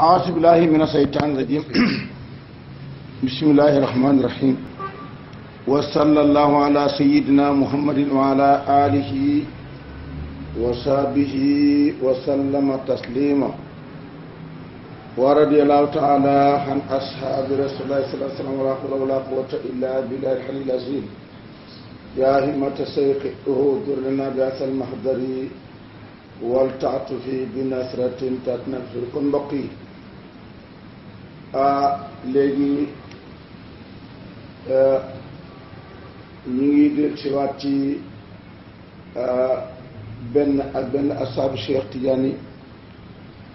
أعوذ بالله من الشيطان الرجيم بسم الله الرحمن الرحيم وصلى الله على سيدنا محمد وعلى آله وصحبه وسلم تسليما ورضي الله تعالى عن أصحاب رسول الله صلى الله عليه وسلم ولا حول ولا قوة إلا بالله العلي العظيم يا همة الشيخ لنا بأس المحضر والتعطف بنصرة تتنفر كن بقي léegi euh, ñu ngi del siwaat ci euh, benn ak benn asaabu Cheikh Tidiane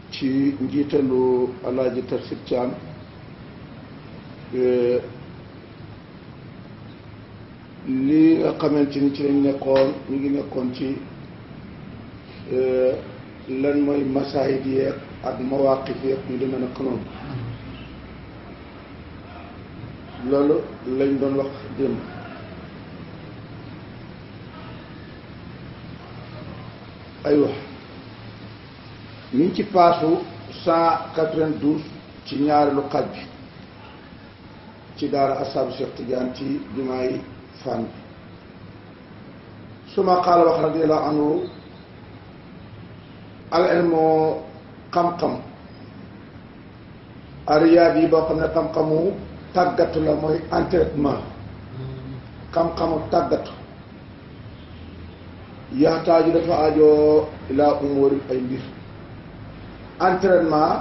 ci njiitalu alaaji Tafsir Thiam euh, li nga xamante ni ci lañ nekkoon ñu ngi nekkoon ci lan mooy masaayid yeeg ak mawaaqif yeeg ñu demee nag noonu loolu lañ doon wax démb aywa ñu ngi ci paasu cent quatre-vingt-douze ci ñaareelu xaj bi ci daara asaabu Cheikh Tidiane ci jumaay Fann bi suma xaala wax radiyallahu anhu al ilmu xam-xam ariyaab yi boo xam ne xam-xamu tàggatu la mooy entraînement xam-xamu tàggatu yaxtaaju dafa ajoo ilaa umóori ay mbir entraînement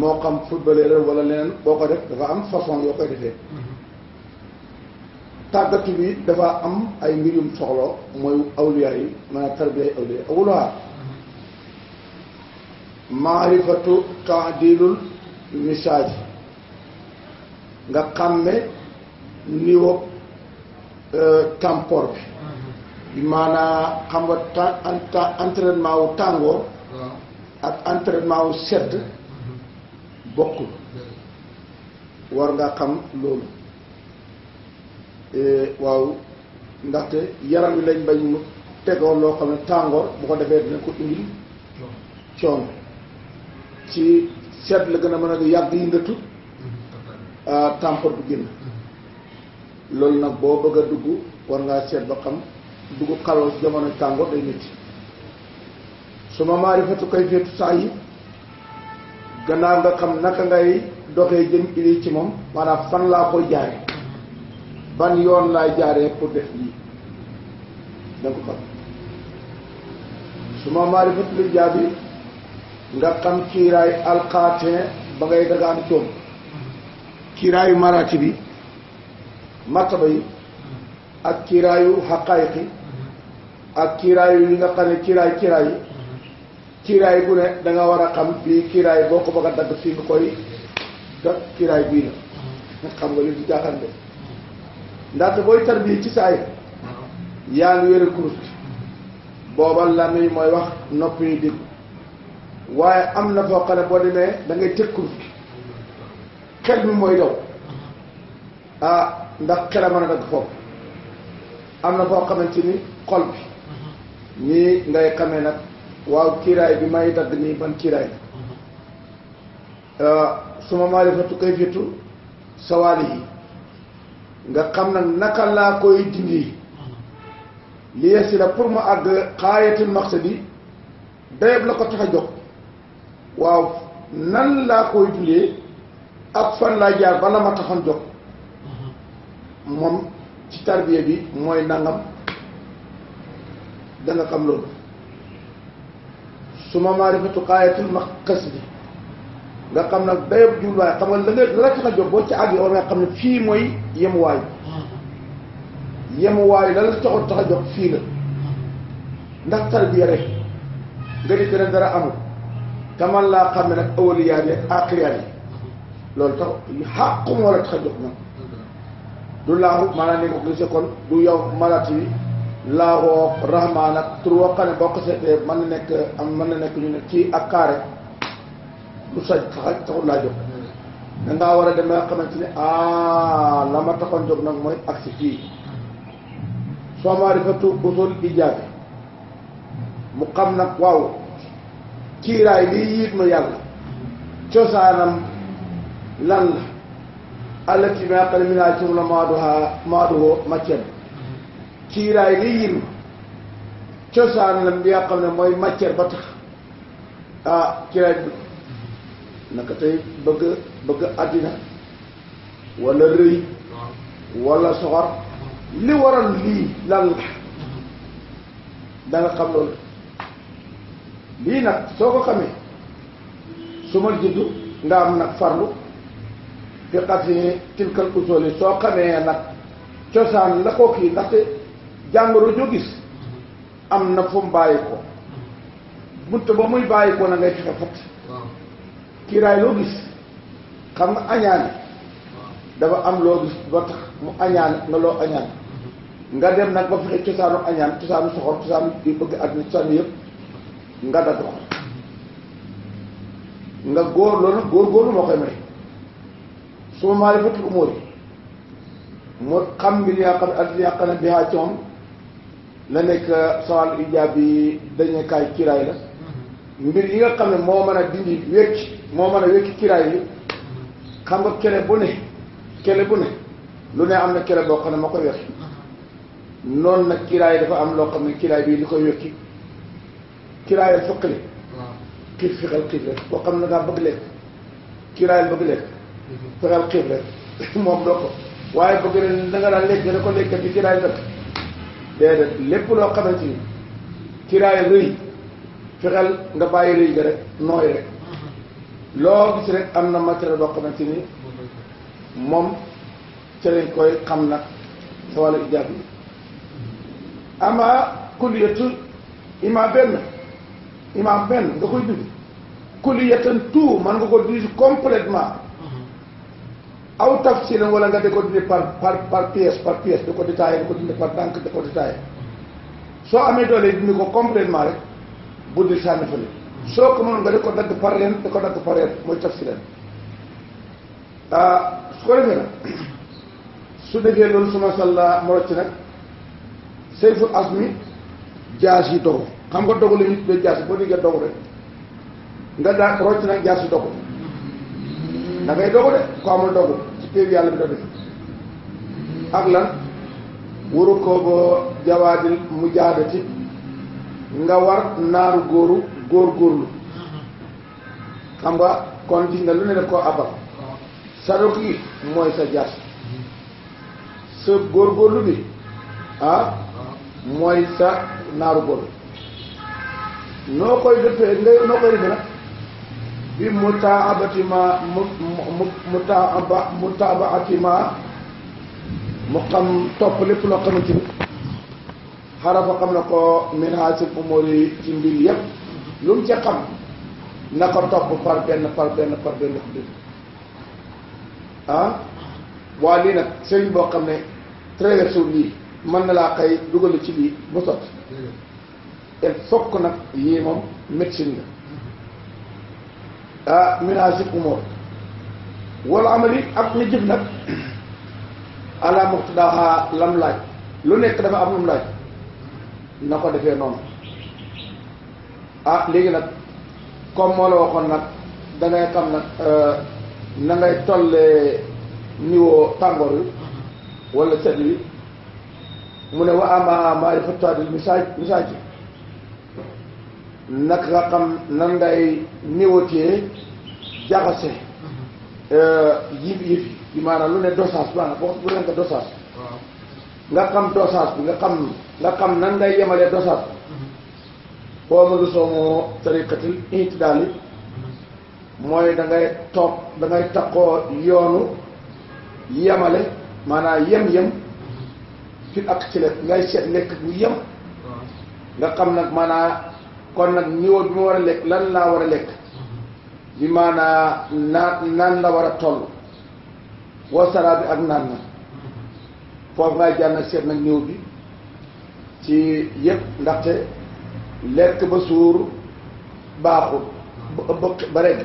moo xam footballeur wala leneen boo ko def dafa am façon yoo koy defee tàggatu bi dafa am ay mbir yum soxlo mooy awliya yi maanaam tarbiya yi awliya maarifatu taadilul misaaj nga xàmme niveau tempor euh, bi. bi mm-hmm. maanaa xam nga entraînement wu tàngoor. ak entraînement wu sedd. Mm-hmm. bokk war nga xam loolu eh, waaw ndaxte yaram wi lañ bañ mu tegoon loo xam ne tàngoor bu ko defee dina ko indil coono ci sedd la gën a mën a yàgg yëngatu Euh, tàmpat bu génn loolu nag boo bëgg a dugg war ngaa seet ba xam dugg xaloo jamono tàngoor day métti su ma maarifatu koy féetu saa yi gannaaw nga xam naka ngay doxee jëm ili ci moom maanaam fan laa koy jaare yoon laay jaaree pour def lii danga ko xam su ma maarifatu lu jaabi nga xam kiiraay alxaatin ba ngay dagaan coom kiiraayu maraatib yi martaba yi ak kiiraayu xaqaayiq yi ak kiiraayu yi nga xam ne kiiraay kiiraay yi kiiraay bu ne da nga war a xam bii kiiraay boo ko bëgg a dagg fii nga koy ga kiiraay bii la nga xam nga li du jaaxal de ndaxte booy tarbiya ci saay yaa ngi wér a kurus booba mooy wax nopp yi dégg waaye am na foo xam ne boo demee da ngay tëg xel mi mooy daw ah, ndax xel a mën a dagg foofu am na foo xamante ni xol bi nii ngay xamee nag waaw kiiraay bi may dagg nii ban kiiraay ah, suma maarifatu kayfiyatu sawaali yi nga xam nag naka laa koy dindi li yesi la pour ma àgg xaayatul maqsadi dayeb la ko tax a jóg waaw nan laa koy dindee ak fan laa jaar ba ma taxoon jóg mhm. moom ci tarbiya bi mooy nangam da nga xam loolu su ma maarifatu xaayatul ma xës bi nga xam nag dayoo jubluwaay xam nga la la tax a jóg boo ci àgg war nga xam ne fii mooy yemuwaay mhm. yemuwaay la la taxoon tax fii la ndax tarbiya rek nga di ne dara amul kaman laa xam ne nag awliyaa yi ak aaxiriyaa yi loolu tax xàqu la tax a jóg nag du laahu maanaam ni ko gisee kon du yow malaat yi laahoo rahmaan ak tur woo ne boo ko seetee mën na nekk am mën na nekk ñu ne kii ak du saj taxa laa jóg da ngaa war a dem nga xamante ne ah la ma taxoon jóg nag mooy ak si fii soo maarifatu usul ijaabi mu xam nag waaw kiiraay lii yiit ma yàlla cosaanam lan la allati bi nga xam ne mi naa cim la maaduha maaduhoo màccam kiiraay li yiru cosaan la bi nga xam ne mooy matière ba tax ah kiiraay bi naka tey bëgg bëgg àddina wala rëy wala soxor li waral lii lan la da nga xam loolu lii nag soo ko xamee su nga am nag farlu fi xasi tilkal usoli soo xamee nag cosaan la ko kii ndaxte jàngoro joo gis am na fu mu bàyyi ko ba muy bàyyi na ngay fexe fatt kiiraay loo gis xam nga añaan dafa am loo gis ba tax mu añaan nga loo añaan nga dem nag ba fexe cosaanu añaan cosaanu soxor cosaanu di bëgg àddina cosaanu yëpp nga dagg ko nga góor loolu góor góorlu moo su ma maarifatul umóor yi mu xam mbir yaa xam ak yaa xam bihaa ci moom la nekk sawal ijaab bi dañu kaay kiraay la mbir yi nga xam ne moo mën a dindi wékki moo mën a wékki kiraay bi xam nga kele bu ne kele bu ne lu ne am na kele boo xam ne ma koy wékki noonu nag kiraay dafa am loo xam ne kiraay bii li koy wékki kiraayal fëqale xiif fixal xiif rek xam ne daa bëgg lekk kiraayal bëgg lekk ragal xiif rek moom doo ko waaye bëgg na da nga daan lekk nga ko lekk bi kiraay natt déedéet lépp loo xamante ni kiraay rëy fexeel nga bàyyi rëy ga rek nooy rek loo gis rek am na matériel boo xamante ni moom ca koy xam nag sa wàllu ijaab yi ama kulliyatu imaam benn imaam benn nga koy dund kulliyatan tout man nga ko dund complètement aw tafsir wala nga dindi par par par pièce par pièce di ko détaillé di ko dindi par tànk di ko détaillé soo amee doole dindi ko complètement rek buddi sànni fële soo ko mënoon nga di ko dagg par ren di ko dagg par ren mooy tafsiran ah su ko defee nag su defee loolu suma salla mo rocc nag sayful asmi jaas yi dogu xam nga dogu la ñu tuddee jaas yi boo déggee dogu rek nga daa rocc nag jaas yi dogu da ngay dogu de ko amul dogu téeg yàlla bi dafa def ak lan waru ko boo jawaadil mu nga war naaru góoru góor góorlu xam nga kon gis nga lu ne def koo abal sa dog yi mooy sa jas sa góor góorlu bi ah, mooy sa naaru góorlu noo koy defee noo koy defee nag bi mutaabati ma mu xam topp lépp loo xamante ni xarafa xam na ko min haasil yi ci mbir yépp lu mu ca xam na ko topp par benn par benn par benn mbir ah waa lii nag sëriñ boo xam ne traversé lii mën na laa xëy dugal ci lii bu sotti il faut nag yii moom médecine la minasik umoor wala amali ak nga jëf nag ala a lam laaj lu nekk dafa am lu laaj na ko defee noonu ah léegi nag comme moo la waxoon nag da ngay xam nag euh, na tollee niveau tàngoor yi walla sedd yi mu ne wa ama maarifa tadil misaaj misaaj nag nga xam nan ngay néewatee jaxase mm-hmm. euh, yif yif yi maanaam lu ne dosage maanaam boo nga xam dosage bi nga xam nga xam nan ngay yemalee dosage bi foo mm-hmm. mënu soomo tariqatil intidaali mm-hmm. mooy da toog da takkoo yoonu yemale maanaam yem-yem fit ak ci ngay seet lekk bu yem nga xam nag maanaam kon nag niveau bi ma war a lekk lan laa war a lekk bi maanaa naan la war a toll wasaraa bi ak naan na foofu ngay jàll nag seet nag néew bi ci yépp ndaxte lekk ba suur baaxul ba ba regg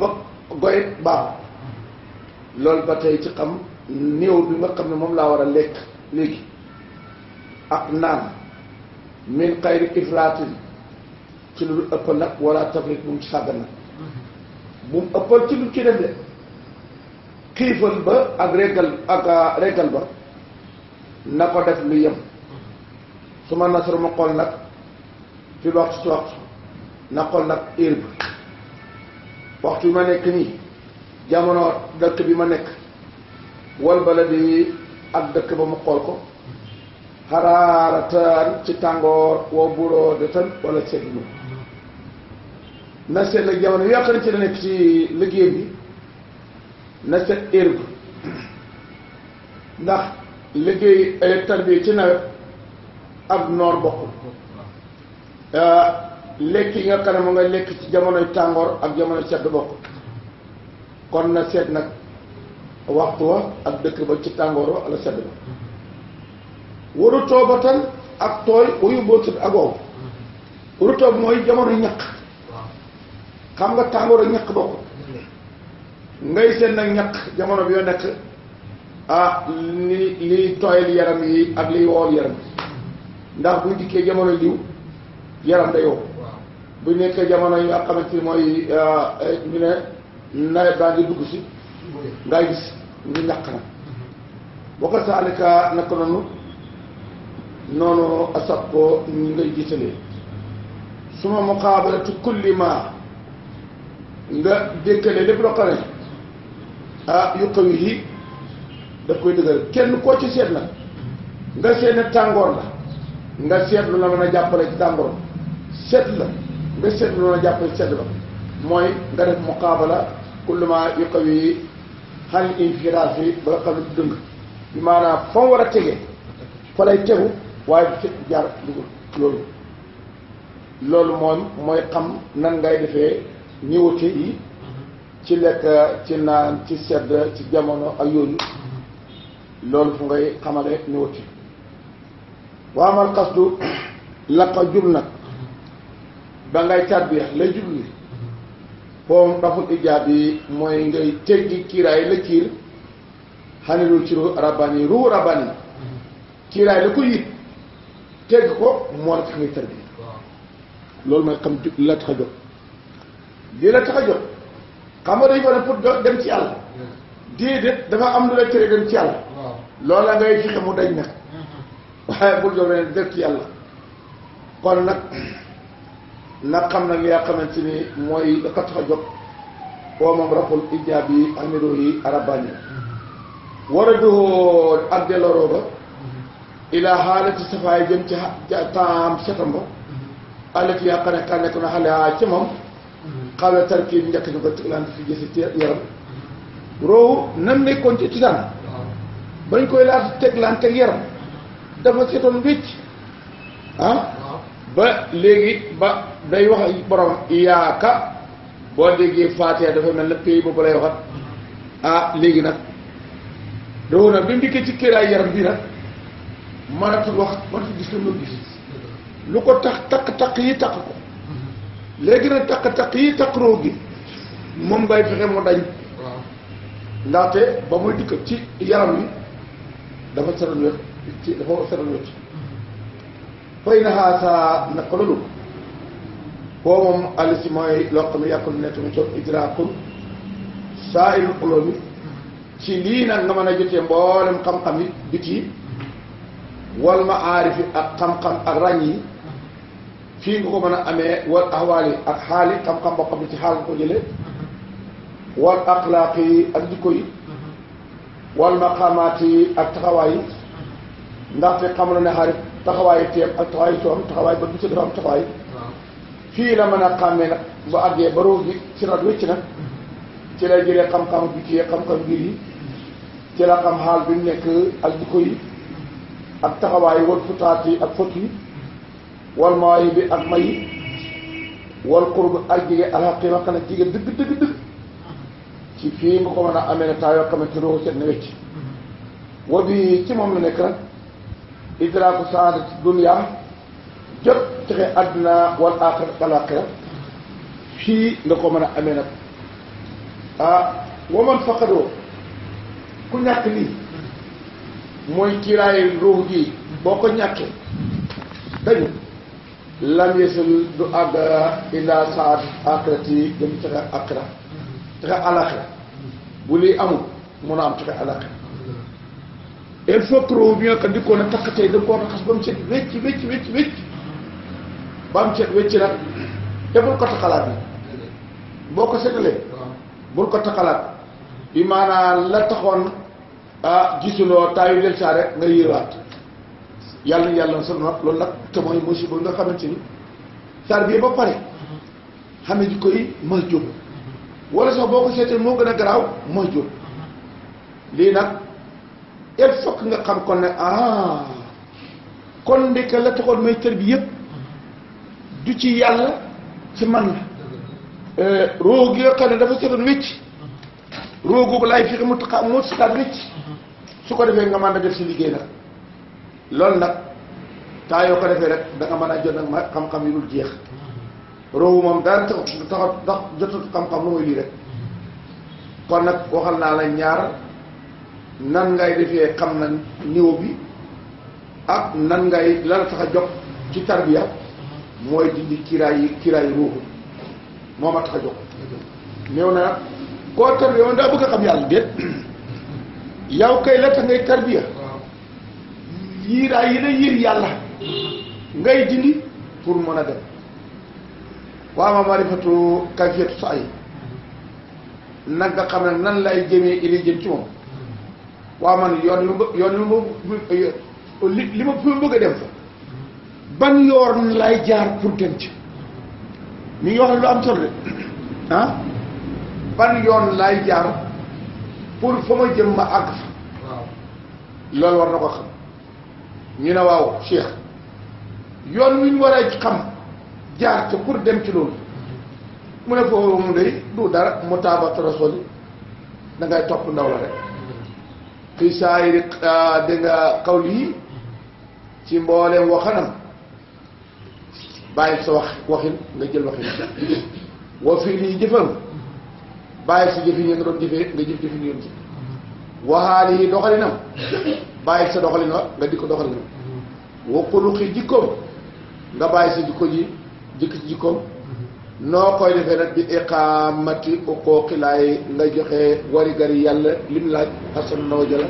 ba goyet baaxul loolu ba tey ci xam néew bi nga xam ne moom laa war a lekk léegi ak naan min xayri ifraatin ci lu dul ëppal nag wala tafrit bu mu sàggan nag bu ëppal ci lu ci dem de xiifal ba ak régal ak ah, régal ba na ko def lu yem su ma nasar ma xool nag fi waxtu si waxtu na xool nag heure bi waxtu bi ma nekk nii jamono dëkk bi ma nekk wal balad yi ak dëkk ba mu xool ko xaraarataan ci tàngoor woo buroo de tan wala seetlu na seet na jamono yoo xam ne ci la nekk ci liggéey bi na seet heure bi ndax liggéey tarbiya ci nawet ak noor bokkul euh, lekk yi nga xam ne nga lekk ci jamonoy tàngoor ak jamonoy sedd bokkul kon na seet nag waxtu wa ak dëkk ba ci tàngoor wa ala sedd ba waru toobatan ak tooy wuyu bootul ak wow waru mooy jamono ñaq xam nga tàngoor ak ñaq bokk ngay seen nag ñaq jamono bi yoo nekk ah li tooyal yaram yi ak liy wool yaram ndax bu dikkee jamono liw yaram da yow bu nekkee jamono yi nga xamante ni mooy ah, eh, ñu ne nawet baa dugg si ngay gis ñu ñaq na boo ko saalika naka noonu noonu asab ko ñu ngay jiitalee suma muqaabalatu kulli ma nga dénkale lépp loo xam ne ah yi daf koy dëgëral kenn koo ci seet la nga seet ne tàngoor la nga seet lu la mën a jàppale ci tàngoor seet la nga seet lu la mën a jàppale seet la mooy nga def muqaabala kulluma yu kaw yi xal infiraas yi ba nga xam dëng bi maanaam fa mu war a tegee fa lay tegu waaye bu jaar dugul loolu loolu moom mooy xam nan ngay defee ñëwate yi ci lekk ci naan ci sedd ci jamono ak yooyu loolu fu ngay xamale ñëwate waa amal xasdu la ko jub nag ba ngay tarbiya lay jubli foofu daful ijaab yi mooy ngay teggi kiiraay la kiir xanilul ci ru rabban yi ru rabban yi kiiraay la ko yit tegg ko moo la tax ngay tarbiya loolu mooy xam la tax a jóg lii la tax a jóg xam nga dañu dem ci yàlla déedéet dafa am lu la tere dem ci yàlla loola ngay fexe mu dañ nag mm-hmm. waaye bul jox leen dem ci yàlla kon nag nag xam nag yaa xamante ni mooy la ko tax a jóg oo moom rabbul ijaab yi amido yi arabani mm-hmm. war a doxoo ak delloo ba mm-hmm. ilaa xaalati safaay jëm ci temps am setam ba alati yaa xam ne nekk na xale ca moom xawee tarkib njëkk ñu ko teg naan fi jësi ci yaram roowu nan nekkoon ci cosaan bañ koy laata teglaan teg yaram dafa seetoon wécc ah ba léegi ba day wax borom iyaaka boo déggee faatee dafa mel ne pays boobu lay ah, léegi nag doo nag bi mu ci këraay yaram bii nag mënatul wax mënatul gis lu mu gis lu ko tax takk takk yi takk ko léegi na taq taq yi taqroo gi moom bay fexe mo dañ ndaxte ba muy dikk ci yaram yi dafa seran wet ci dafa seran wet fay na xaa saa naq lolu koo moom alisi mooy loo xam ne yàkkul nekk mu coob idraakul saa il ulo mi ci lii nag nga mën a jotee mboolem xam-xam yi biti wal ma aarifi ak xam-xam ak rañ yi fii nga ko mën a amee wal ahwaal yi ak xaal yi xam-xam boo ci xaal ko jëlee wal axlaaq yi ak jikko yi wal maqaamaat yi ak taxawaay yi ndaxte xam na ne xarit taxawaayu teem ak taxawaayu soom taxawaay ba a xàmmee bu ci rat wécc nag ci lay jëlee yi ci la xam xaal bi nekk ak jikko yi ak taxawaay wal futaat ak fot wal mawaay bi ak may yi wal qurb ak jege ne jege dëgg dëgg dëgg ko mën a amee ne taa yoo xamante ruuxu seet na wecc wa bi ci moom la nekk nag idraaku saadati dunya jot texe àddina ko mën a amee nag ah waman faqadoo ku ñàkk lii mooy kiiraayu ruux gi boo ko ñàkkee dañu lam yesul du àgg illa saat akrati jëm texe akra texe alaxira bu lii amul mun a am texe alaxira il faut que bi nga xam di ko ne takk tey da koo raxas ba mu set wécc wécc wécc wécc ba mu set wécc nag te bul ko taxalaat bi boo ko setalee bul ko taxalaat bi maanaam la taxoon ah, gisuloo taayu del saa rek nga yëraat yàlla yàlla sa nopp loolu nag te mooy musiba nga xamante ni saar bi ba pare xamee ji koy mooy jóg wala sax boo ko seetee moo gën a garaaw mooy jóg lii nag il faut nga xam kon ne ah kon ndeke la taxoon may tër bi yëpp du ci yàlla si man la euh, roo gi nga ne dafa setoon wécc roo googu laay fexe mu taxa su ko defee nga mën a def si liggéey nag loolu nag taa yoo ko defee rek da mën a jot nag ma xam-xam yu dul jeex roowu moom daan tax tax jotul xam-xam lu muy lii rek kon nag waxal naa la ñaar nan ngay defee xam na niveau bi ak nan ngay la tax a jóg ci tarbiya mooy dindi kiraay yi kiraay yi ruuxu moo ma tax a jóg néew na koo tarbiya moom daa bëgg a xam yàlla déet yow kay la tax ngay tarbiya yiiraay yi la yiir yàlla ngay dindi pour mën a dem waa ma marifatu kayfiyatu sa ay nag nga xam ne nan lay jëmee ili jëm ci moom waa man yoon li ma bë- yoon li ma li li fi ma bëgg a dem fa ban yoon lay jaar pour dem ci mi ngi wax ne lu am solo de ah? ban yoon lay jaar pour fa ma jëm ma àgg fa loolu war na ko xam ñu ne waaw Cheikh yoon wi ñu war a xam jaar ca pour dem ci loolu mu ne foofu mu day du dara mu taabat rasoli da ngay topp ndaw la rek fii saa yi ah, di nga xaw lii ci mbooleem waxanam bàyyi sa wax waxin nga jël waxin wa fii lii jëfam bàyyi sa jëfin nga doon jëfee nga jëf jëfin yoon ci waxaali yi doxalinam bàyyi sa doxalin wa nga di ko doxalinam wa xuluqi jikkoom nga bàyyi sa jikko ji jikk ci jikkoom noo koy defee nag bi iqaamati uquuqi laay nga joxe wari gari yàlla lim laaj xasan noo jëla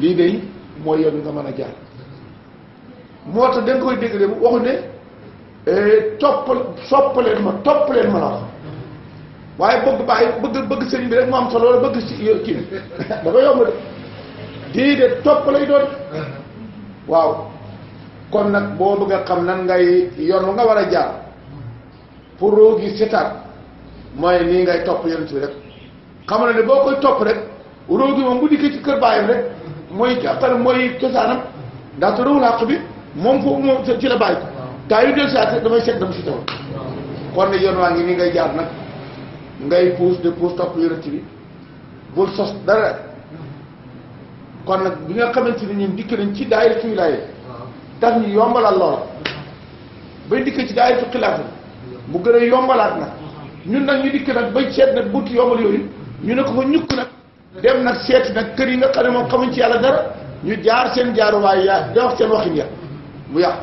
lii day mooy yoon nga mën a jaar moo tax da koy dégg de waxu ne eh, topp sopp leen ma topp leen ma la wax waaye bëgg bàyyi bëgg bëgg sëriñ bi rek mu am solo la bëgg ci kii bi dafa yomb de dii topp lay doon uh-huh. waaw kon nag boo bëgg a xam nan ngay yoon nga war a jaar pour roo gi setaat mooy nii ngay topp yonent bi rek xam na ne boo koy topp rek roo gi moom bu dikkee ci kër baayam rek mooy xar mooy cosaanam ndaxte rowul àq bi moom foofu moom ci la bàyyi ko taa yu del saat damay seet dama si taw kon ne yoon waa ngay jaar nag ngay puus de puus topp yonent bi dara mm-hmm. kon nag bi nga xamante ni ñun dikk nañ ci daayira suy laayee daf ñu yombalal ba bay dikk ci daayatu xilaaf mu gën a yombalaat na ñun nag ñu dikk nag bay seet nag buntu yombal yooyu ñu ne ko ko ñukk nag dem nag seet nag kër yi nga xam ne moom xamuñ ci yàlla dara ñu jaar seen jaaruwaay ya da wax seen waxin ya mu yàq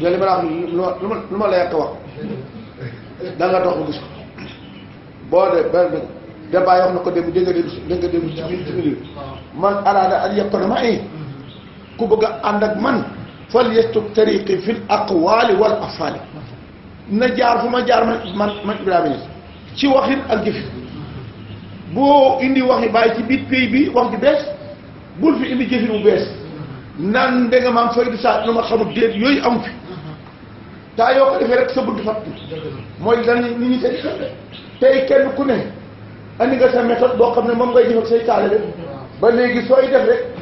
nga li ma la wax lu ma lu ma la yàq wax da nga dox ba gis ko boo de ba de bàyyi wax na ko dem dégg nga dem dégg nga dem ci ci biir man araada ak yàq na ma ay ku bëgg fal yastub tariqi fil aqwaali wal afaali na jaar fu ma jaar man man man Ibrahima ci waxin ak jëfin boo indi waxi bàyyi ci biir pays bi wax ji bees bul fi indi jëfin bu bees naan ndege maam faydu saa lu ma xamul déet yooyu am fi taa yoo ko defee rek sa bunt fàtt mooy lan ni ñu tey tey kenn ku ne andi nga sa méthode boo xam ne moom ngay jëf ak say taale ba léegi sooy def rek.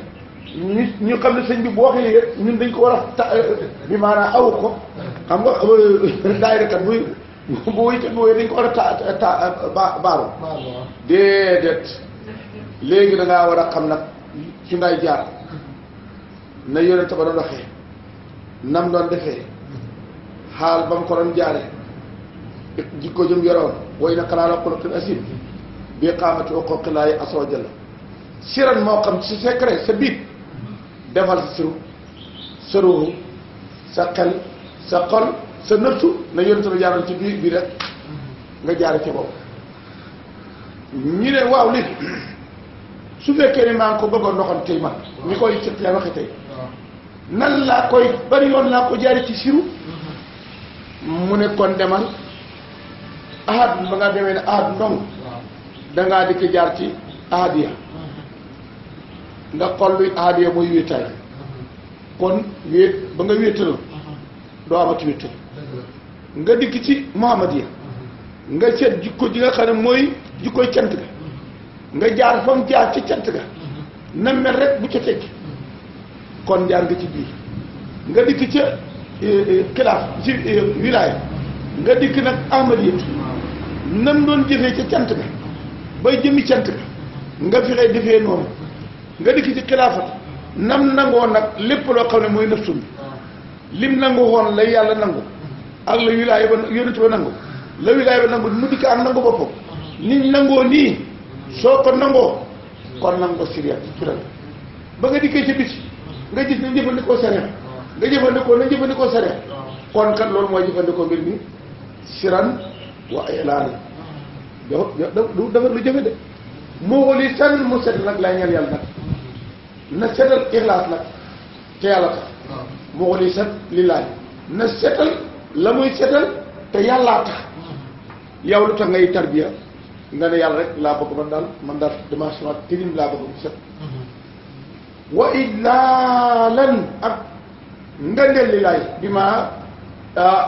ñu ñu xam ne sëñ bi boo xëyee ñun dañ ko war a ta euh, bi maanaam aw ko xam nga euh, daayira kat buy bu wéyte bu wéy dañ ko war a ta ta baaru déedéet léegi danga war a xam nag ci ngay jaar na yonente ba doon waxee nam doon defee xaal ba mu ko doon jaare jikko jëm yoroon way na kalaa la xoloqin asim bii xaamati o qooqilaayi asoo jëlla siran moo xam ci secret sa biit defal si suru sa xel sa xol sa nëttu la yonent bi jaaroon ci biir bi rek nga jaare ci bopp ñu ne waaw léegi su fekkee ni maa ngi ko bëggoon doxal tey man ñi koy ci la waxe tey nan ci siru mu ne kon demal ahad ba nga demee ne ahad ndong dangaa dikk jaar ci ahadiya nga xool luy aadee muy wéetaay kon wéet ba nga wéetaloo doo amati wéetal nga dikk ci Muhammad ya nga seet jikko ji nga xam ne mooy jikkoy cant ga nga jaar fam jaar ci cant ga na mel rek bu ca tekki kon jaar nga ci biir nga dikk ca eh, eh, xilaaf ci eh, wilaaya nga dikk nag ahmad yëpp nam doon jëfee ca cant ga bay jëmi cant ga nga fexee defee noonu nga dik ci khilafat nam nango nak lepp lo xamne moy nafsum lim nango won la yalla nango ak la wilaya ba yonent ba nango la wilaya ba nango mu dikk ak nangu ni nango ni soko nango kon kon nangu ci tural ba nga dikkee ci bis nga gis ni jëfandikoo sareet nga jëfandikoo na jëfandikoo sareet kon kat loolu moy jëfandikoo mbir ni siran wa do do do do do do do do do do do do do do do do do na setal ixlaas nag te yàlla tax muxlisan lillaahi na setal la muy setal te yàllaa tax yow lu tax ngay tarbiya nga ne yàlla rek laa bëgg man daal man daal dimension tilim laa bëgg mu set mhm. wa idlaalan ak ngandeel lillaay bi ma ah,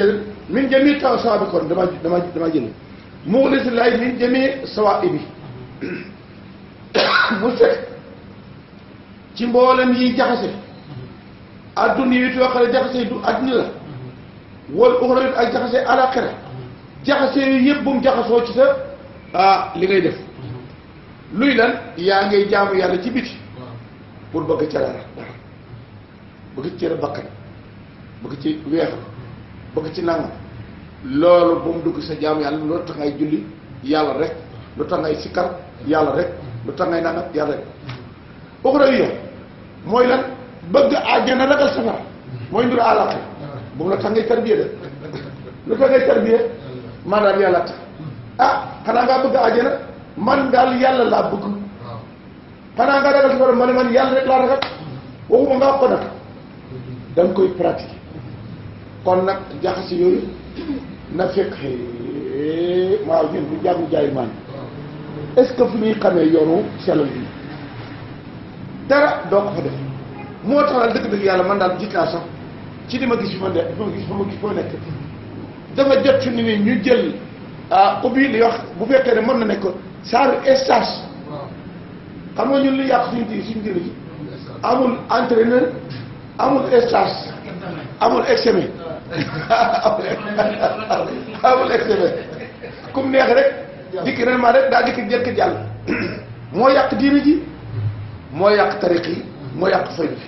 eh, min jami taw sawaabi kon dama dama dama jël muxlis lillaay min jami sawaabi mhm. bu fekk ci mboolem yiy jaxase adduna yi tooxale jaxase du adduna la wal uxra yu ak jaxase alaxira jaxase yu yëpp bu mu jaxasoo ci sa ah li ngay def luy lan yaa ngay jaamu yàlla ci biti pour bëgg ca dara dara bëgg ci bakkan bëgg ci weexal bëgg ci nangam loolu bu mu dugg sa jaamu yàlla loolu tax ngay julli yàlla rek lu tax ngay sikkar yàlla rek lu tax ngay naan ak yàlla rek uxrawiya mooy lan bëgg àjjana ragal safara mooy ndur àllaaxira boobu la tax ngay tarbiya de lu tax ngay tarbiya ah, man daal yàlla laa bëgg xanaa ngaa ragal safara ma ne man yàlla rek laa ragal waxuma nga ko nag da koy pratiquer kon nag jaxase yooyu na fekk eh, maaw ñun bu jàngu jaay maan est-ce que fu ñuy xamee yoonu sellal bi dara doo ko fa def moo tax daal dëgg-dëgg yàlla man daal jiit laa sax ci li ma gis fi ma nekk fi ma gis fi ma gis foo nekk dafa jot ci ni ni ñu jël ah, ubbi li wax bu fekkee ne mën na nekk saaru stage xam nga ñun lu yàq suñu di suñu dina ji amul entraîneur amul stage amul examen amul examen ku mu neex rek dikki ren ma rek daa dikki jëkk jàll moo yàq diini ji moo yàq tariq yi moo yàq fay bi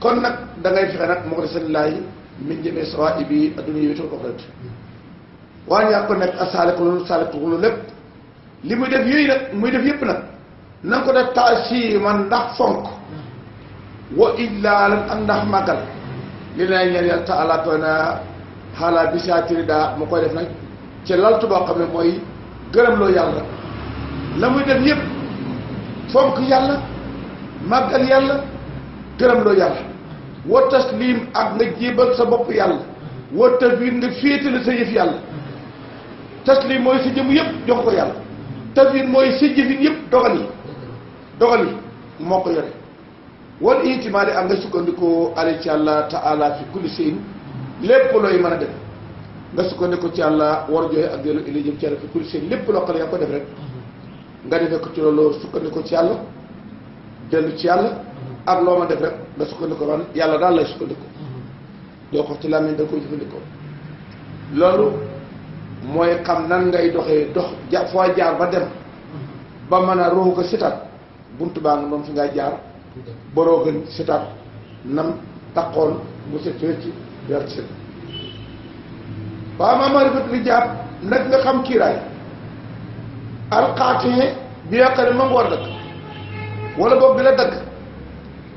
kon nag da ngay fexe nag moo ko def seen laay min jëmee sawa ibi adduna yi toog ak rëdd waa ñaa ko nekk asaalekulu saalekulu lépp li mu def yooyu nag muy def yëpp nag na ko def taasiman ndax fonk wa illaa lan ak ndax màggal li lay ñeel yàlla taala na xaalaa bisaatiri daa mu koy def nag ci laltu boo xam ne mooy loo yàlla la muy def yëpp fonk yàlla màggal yàlla gërëmloo yàlla wa taslim ak nga jébal sa bopp yàlla wa tafwid nga féetale sa yëf yàlla taslim mooy sa jëm yëpp jox ko yàlla tafwid mooy sa jëfin yëpp dogal yi dogal yi moo ko yore wal itimaadi am nga sukkandikoo ala ci yàlla taala fi kulli lépp looy mën a def nga sukkandiku ci àlla war jooy ak dellu ili jëm ci yàlla fi kul seen lépp loo xam ne ko def rek mhm. nga defee ko ci loolu sukkandiku ci yàlla dellu ci yàlla mhm. ak loo ma def rek nga sukkandiku man yàlla daal lay sukkandiku mhm. doo ci làmmiñ da koy jëfandikoo loolu mooy xam nan ngay doxee dox ja foo jaar ba dem ba mën a ruuxu ko sitaat buntu baa nga moom fi ngay jaar boroo gën sitaat nam taqoon mu set ci weer ci waaw ma maarifat li jaab nag nga xam kiiraay alxaatin bi yàqale ma nga war dagg wala boog bi la dagg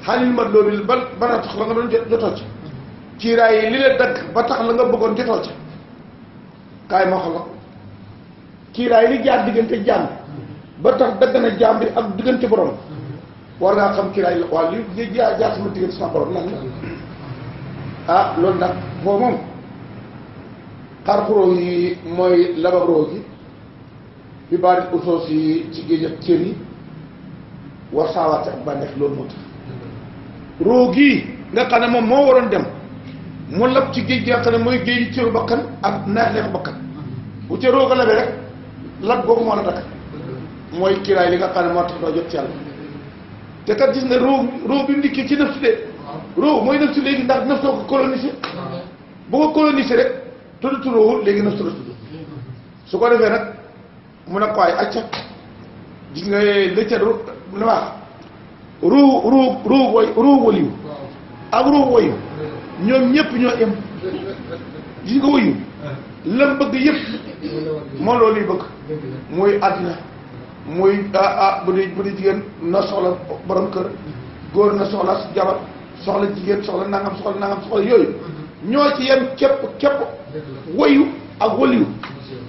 xaalil mat loolu ba ba na tax la nga doon jotoo ci kiiraay yi li la dagg ba tax la nga bëggoon jotoo ci kaay ma xolo kiiraay li jaar diggante jaam ba tax dagg na jaam bi ak diggante borom war ngaa xam kiiraay la waaw li jaar jaar sama diggante sama borom lan la ah, nag boo moom xarxuroo yi mooy labaroo gi bi bari utoos yi ci géej ak cër yi war saawaate ak bànneex loolu moo tax roo gii nga xam ne moom moo waroon dem mu lab ci géej gi nga xam ne mooy géej cëru bakkan ak neexu bakkan bu ca rooga labe rek lab boobu moo la dakk mooy kiraay li nga xam ne moo tax doo jot ci yàlla te kat gis nga roo roo bi ndikkee ci naftu de roo mooy naftu léegi ndax naf soo ko colonisé bu ko colonisé rek tudd tuddoo léegi ko defee nag mu ne ko ay acca gis nga lëcca du ne wax ruu ruu waliyu ak ruu woyu ñoom ñëpp ñoo em gis nga woyu lam bëgg yëpp moo loolu yi bëgg muy àddina muy ah bu dee bu dee jigéen na soxla borom kër na soxla jabar soxla jigéen soxla nangam soxla nangam soxla yooyu ñoo ci yem képp képp wayu ak waliyu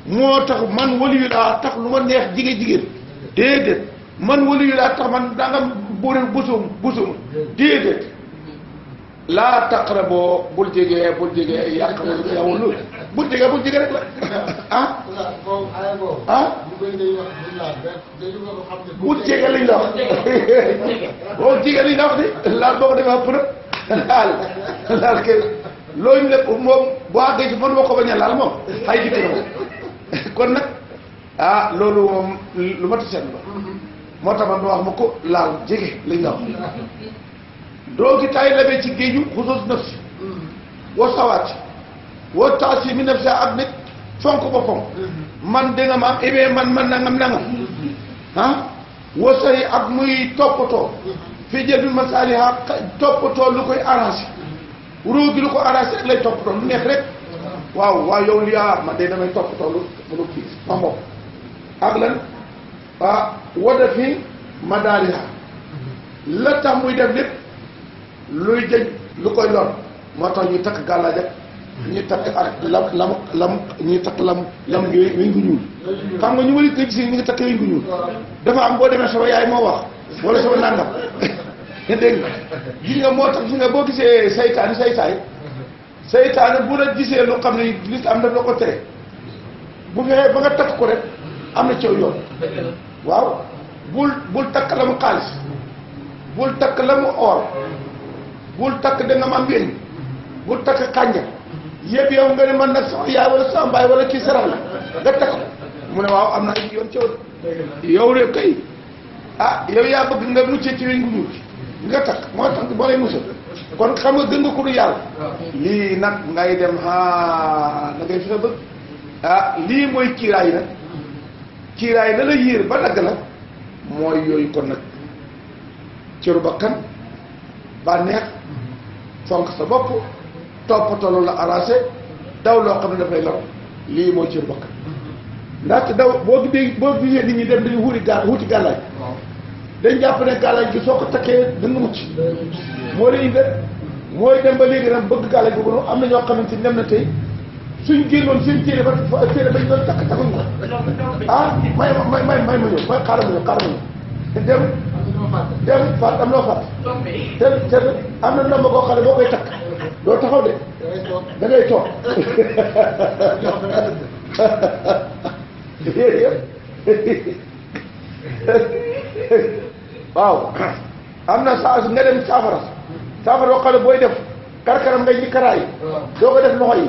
moo tax man waliyu laa tax lu ma neex jigéen jigéen déedéet man waliyu laa tax man daa nga busum busum déedéet laa taqraboo bul jege bul jege bul jege bul rek la ah. ah. bul jege lañ la wax boo jege lañ la wax de laal boo ko defee ëpp na. laal laal kay looñu lépp moom boo àggee ci mënuma ko bañ a laal moom xay jikko moom kon nag ah loolu moom lu ma moo tax man wax ma ko laal jege lañ la wax doo gi labee ci géeju xusuus naf si woo sawaat woo taas yi mi naf si ak nit fonk boppam man danga ma am ibee eh, man man nangam nangam ah woo say ak muy fii jël bi masaaliha toppatoo lu koy arrangé ruu ji lu ko arrangé rek lay toppatoo lu neex rek waaw waaw yow lii ah de damay tool lu lu kii ma mbokk ak lan ah wada fi lu koy lor moo tax ñu takk gàllaaj ak ñu takk ak lam lam lam ñu takk lam lam yooyu wiñ gu ñuul xam nga ñu wari ko gis ñu ngi takk wiñ ñuul dafa am boo demee sama yaay moo wax wala sama nangam dégg nga gis nga moo tax gis nga boo gisee saytaane saytaay saytaane bu la gisee lu xam ne lislaam daf la ko tere bu fexee ba nga takk ko rek am na ci yoon waaw bul bul takk la mu xaalis bul takk la mu or bul takk da nga ma am yéen bul takk kànja yëpp yow nga ne man nag sama yaay wala sama mbaay wala kii sarax la nga takk mu ne waaw am na yoon ci yow rek kay ah yow yaa bëgg nga muccee ci weñ gu ñuul nga tax moo tax boo lay musal kon xam nga gën nga ko du yàlla lii nag ngay dem ah da ngay fexe bëgg ah lii mooy kiiraay nag kiiraay la la yéer ba dagg la mooy yooyu kon nag cëru bakkan bànneex fonk sa bopp toppatoo loolu la arrangé daw loo xam ne dafay law lii mooy cëru bakkan ndaxte daw boo gisee boo gisee nit ñi dem dañu wuti gaa wuti gàllaay dañ jàpp ne gàllaaj gi soo ko takkee da nga mucc moo lay indi mooy dem ba léegi nag bëgg gàllaaj boobu noonu am na ñoo xamante ni dem na tey suñ génnoon seen téere ba fa téere bañ doon takk takkuñ ko ah may may may may ma ñëw may xaaral ma ñëw xaaral ma ñëw dem dem faat am loo faat te te am na ndomba koo xam ne boo koy takk doo taxaw de da ngay toog yéen yëpp waaw am na saa su nga dem saafara saafara boo xam ne booy def karkaram ngay ñi karaay doo ko def loxo yi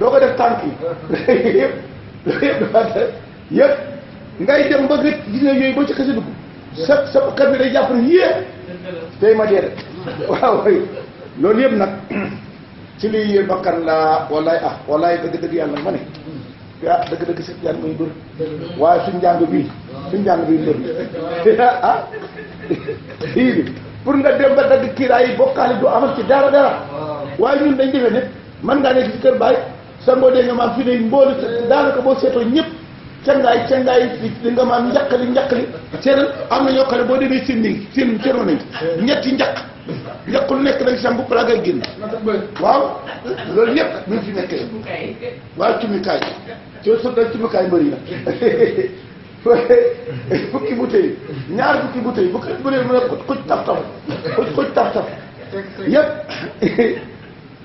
doo ko def tànk yi yëpp yëpp ngay dem ba gët gis nga yooyu boo ci xasi dugg sa sa bakkan bi day jàpp ne yéen tey ma dee de waaw loolu yëpp nag ci liy yéen bakkan laa walaay ah walaay dëgg-dëgg yàlla ma ne hmm. ah dëgg-dëgg si yàlla mooy bëri waaye suñ njàng bii suñ njàng bii mbër ah fii pour nga dem ba dagg kiiraay yi bokkaale du amal ci dara dara waaye ñun dañ defee ne man ngaa nekk ci kër baay sangoo dee nga maam fi ne mboolu daanaka boo seetoo ñëpp cangaay cangaay li nga maam njaqali njaqali seetal am na ñoo xam boo demee seen néeg seen cëroo nañ ñetti njaq njaq lu nekk dañ samp balaa ngay génn waaw loolu yëpp ñu fi nekkee waaw cumikaay soo sotal cumikaay mbëri na fukki bouteille ñaar fukki bouteille bu ko ne mën a xuj xuj taf taf xuj xuj taf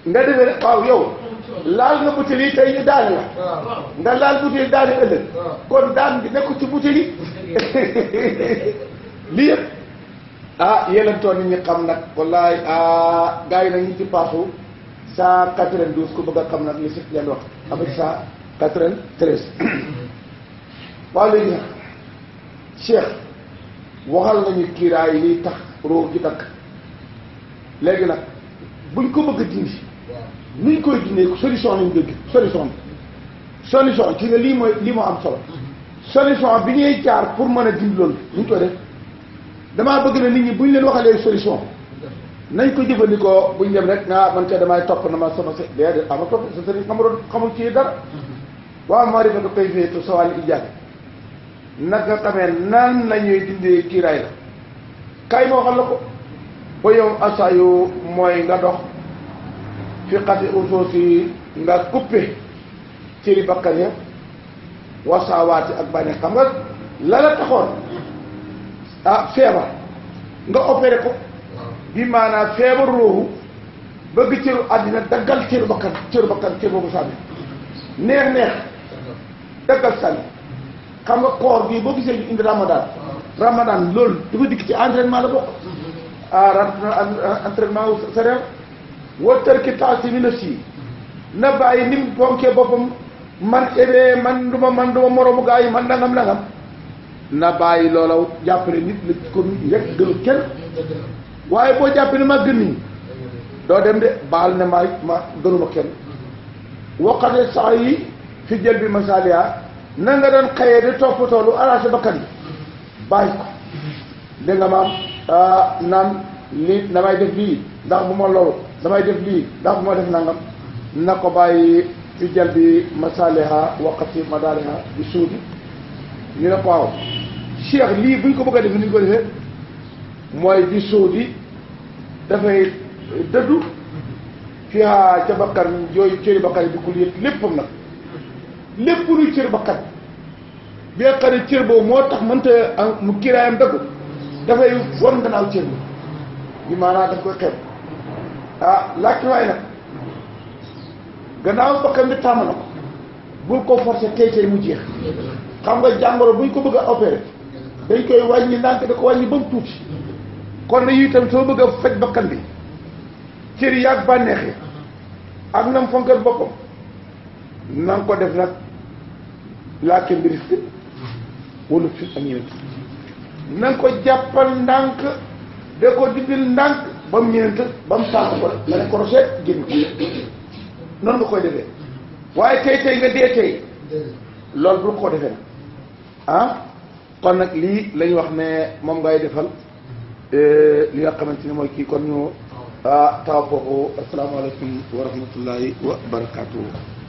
nga defee ne yow laal nga bouteille yi tey ñu la nga laal bouteille i ëllëg kon daan bi nekku ci bouteille yi lii yëpp ah yelantoon nit ñi xam nag wallaay ah gars yi nag ñu ci paasu cent quatre vingt ku bëgg a xam nag li si leen wax avec cent quatre-vingt-treize waaw léegi nag Cheikh waxal nañu kiiraay yi liy tax róor gi dakk léegi nag buñ ko bëgg a dindi niñ koy dindee solution lañ bëgg solution bi solution ci nga lii mooy lii moo am solo solution bi ñuy jaar pour mën a dindi loolu ñu koy def damaa bëgg na nit ñi buñ leen waxalee solution nañ ko jëfandikoo buñ dem rek nga ah, man ca damay topp na ma sama se déedéet ama topp sa sëriñ xamaroon xamul ci dara mm-hmm. waaw maa rifatu kayfiyatu sawal ijaab naka tamit nan la ñuy dindee kiiraay la kaay moo xam la ko ba yow asayu mooy nga dox fi xati usoosi nga coupé cëri bakkan ya wasaawaati ak bànneex xam nga la taxoon ah feebar nga opéré ko bi maanaam feebar roohu bëgg cëru àddina daggal cëru bakkan cëru bakkan cër boobu sànni neex neex daggal sànni xam nga koor bii boo gisee ñu indi ramadan ramadan loolu dafa dikk ci entraînement la bokk ah entraînement wu sa réew wa tërki taasi mi na sii na bàyyi ni bonkee boppam man ebe man du ma man du moroomu gaa yi man nangam nangam na bàyyi loola jàppale nit la ko rek gënu kenn waaye boo jàppee ne gën nii doo dem de baal ne maa ma gënuma kenn waxate sax yi fi jël bi masaliya na nga doon xëyee di toppatoo lu arrangé bakkan bi bàyyi ko dégg nga maam ah, naan lii damay def lii ndax bu ma loolu damay def lii ndax bu ma def nangam na ko bàyyi fi jal bi masaliha waqati madaliha bi suudi ñu ne ko waaw cheikh lii buñ ko bëgg a def ni ñu ko defee mooy bi suudi dafay dëddu fiha ca bakkar jooyu cëri bakkar bi kul léppam nag lépp luy cër ba xat bi nga cër boobu moo tax mënta mu kiraayam dëgg dafay wan gannaaw cër bi bi maanaam daf koy xeeb ah laajte waay nag gannaaw bakkan bi tàmm na ko bul ko forcer tey tey mu jeex xam nga jàngoro buñ ko bëgg a opéré dañ koy wàññi ndànk da ko wàññi ba mu tuuti kon nag itam soo bëgg a faj bakkan bi cër yi ak bànneex yi ak nam fonkat boppam na ko def nag laajte mbiri fi wala fi ak ñeneen na ko jàppal ndànk de ko dibil ndànk ba mu ñeneen ba mu sànq ko la ne korosé génn ko noonu nga koy defee waaye tey tey nga dee tey loolu bul ko defee ah kon nag lii lañ wax ne moom ngay defal eh, li nga xamante ni mooy kii kon ñu ah, taw foofu asalaamaaleykum wa rahmatullahi wa barakatuhu